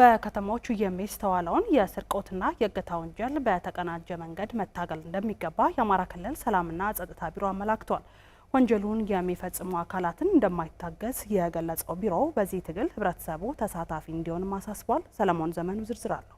በከተሞቹ የሚስተዋለውን የስርቆትና የእገታ ወንጀል በተቀናጀ መንገድ መታገል እንደሚገባ የአማራ ክልል ሰላምና ጸጥታ ቢሮ አመላክቷል። ወንጀሉን የሚፈጽሙ አካላትን እንደማይታገስ የገለጸው ቢሮው በዚህ ትግል ህብረተሰቡ ተሳታፊ እንዲሆንም አሳስቧል። ሰለሞን ዘመኑ ዝርዝር አለው።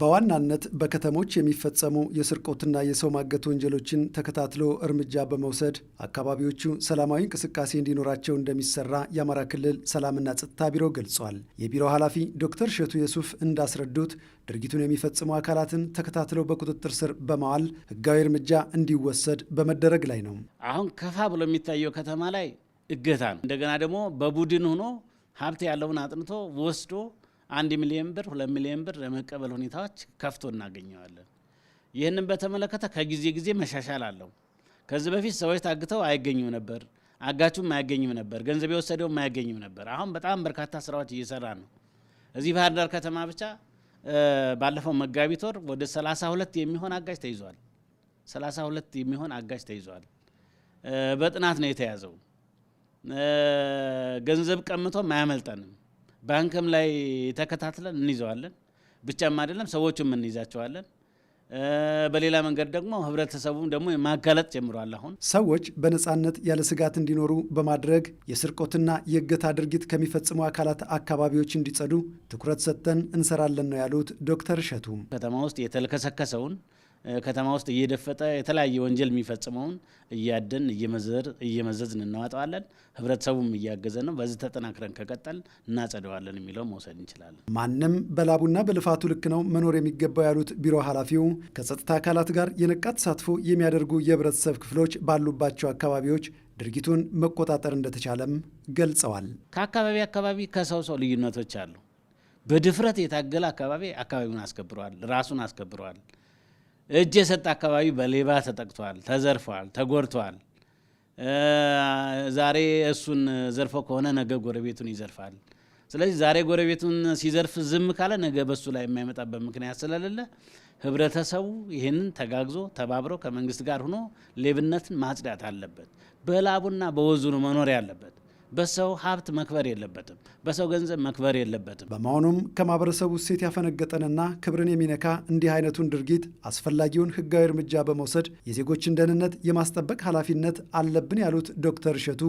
በዋናነት በከተሞች የሚፈጸሙ የስርቆትና የሰው ማገት ወንጀሎችን ተከታትሎ እርምጃ በመውሰድ አካባቢዎቹ ሰላማዊ እንቅስቃሴ እንዲኖራቸው እንደሚሰራ የአማራ ክልል ሰላምና ጸጥታ ቢሮ ገልጿል። የቢሮ ኃላፊ ዶክተር ሸቱ የሱፍ እንዳስረዱት ድርጊቱን የሚፈጽሙ አካላትን ተከታትሎ በቁጥጥር ስር በማዋል ህጋዊ እርምጃ እንዲወሰድ በመደረግ ላይ ነው። አሁን ከፋ ብሎ የሚታየው ከተማ ላይ እገታ ነው። እንደገና ደግሞ በቡድን ሆኖ ሀብት ያለውን አጥንቶ ወስዶ አንድ ሚሊዮን ብር ሁለት ሚሊዮን ብር ለመቀበል ሁኔታዎች ከፍቶ እናገኘዋለን። ይህንን በተመለከተ ከጊዜ ጊዜ መሻሻል አለው። ከዚህ በፊት ሰዎች ታግተው አይገኙም ነበር፣ አጋቹም አያገኝም ነበር፣ ገንዘብ የወሰደውም አያገኝም ነበር። አሁን በጣም በርካታ ስራዎች እየሰራ ነው። እዚህ ባህር ዳር ከተማ ብቻ ባለፈው መጋቢት ወር ወደ 32 የሚሆን አጋች ተይዟል። 32 የሚሆን አጋች ተይዟል። በጥናት ነው የተያዘው። ገንዘብ ቀምቶም አያመልጠንም። ባንክም ላይ ተከታትለን እንይዘዋለን። ብቻም አይደለም ሰዎቹም እንይዛቸዋለን። በሌላ መንገድ ደግሞ ህብረተሰቡም ደግሞ የማጋለጥ ጀምሯል። አሁን ሰዎች በነፃነት ያለ ስጋት እንዲኖሩ በማድረግ የስርቆትና የእገታ ድርጊት ከሚፈጽሙ አካላት አካባቢዎች እንዲጸዱ ትኩረት ሰጥተን እንሰራለን ነው ያሉት ዶክተር እሸቱም ከተማ ውስጥ የተልከሰከሰውን ከተማ ውስጥ እየደፈጠ የተለያየ ወንጀል የሚፈጽመውን እያደን እየመዘዝን እናዋጠዋለን። ህብረተሰቡም እያገዘ ነው። በዚህ ተጠናክረን ከቀጠል እናጸደዋለን የሚለው መውሰድ እንችላለን። ማንም በላቡና በልፋቱ ልክ ነው መኖር የሚገባው ያሉት ቢሮ ኃላፊው ከጸጥታ አካላት ጋር የነቃ ተሳትፎ የሚያደርጉ የህብረተሰብ ክፍሎች ባሉባቸው አካባቢዎች ድርጊቱን መቆጣጠር እንደተቻለም ገልጸዋል። ከአካባቢ አካባቢ ከሰው ሰው ልዩነቶች አሉ። በድፍረት የታገለ አካባቢ አካባቢውን አስከብረዋል፣ ራሱን አስከብረዋል። እጅ የሰጠ አካባቢ በሌባ ተጠቅቷል፣ ተዘርፏል፣ ተጎድቷል። ዛሬ እሱን ዘርፎ ከሆነ ነገ ጎረቤቱን ይዘርፋል። ስለዚህ ዛሬ ጎረቤቱን ሲዘርፍ ዝም ካለ ነገ በሱ ላይ የማይመጣበት ምክንያት ስለሌለ ህብረተሰቡ ይህንን ተጋግዞ ተባብረው ከመንግስት ጋር ሆኖ ሌብነትን ማጽዳት አለበት። በላቡና በወዙ መኖር ያለበት በሰው ሀብት መክበር የለበትም፣ በሰው ገንዘብ መክበር የለበትም። በመሆኑም ከማህበረሰቡ እሴት ያፈነገጠንና ክብርን የሚነካ እንዲህ አይነቱን ድርጊት አስፈላጊውን ህጋዊ እርምጃ በመውሰድ የዜጎችን ደህንነት የማስጠበቅ ኃላፊነት አለብን ያሉት ዶክተር እሸቱ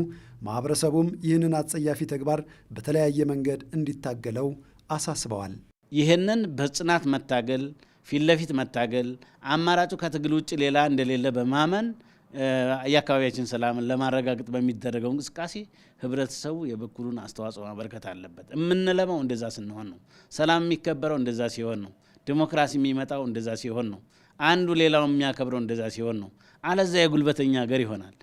ማህበረሰቡም ይህንን አጸያፊ ተግባር በተለያየ መንገድ እንዲታገለው አሳስበዋል። ይህንን በጽናት መታገል ፊት ለፊት መታገል አማራጩ ከትግል ውጭ ሌላ እንደሌለ በማመን የአካባቢያችን ሰላምን ለማረጋገጥ በሚደረገው እንቅስቃሴ ህብረተሰቡ የበኩሉን አስተዋጽኦ ማበርከት አለበት። የምንለማው እንደዛ ስንሆን ነው። ሰላም የሚከበረው እንደዛ ሲሆን ነው። ዲሞክራሲ የሚመጣው እንደዛ ሲሆን ነው። አንዱ ሌላው የሚያከብረው እንደዛ ሲሆን ነው። አለዛ የጉልበተኛ ሀገር ይሆናል።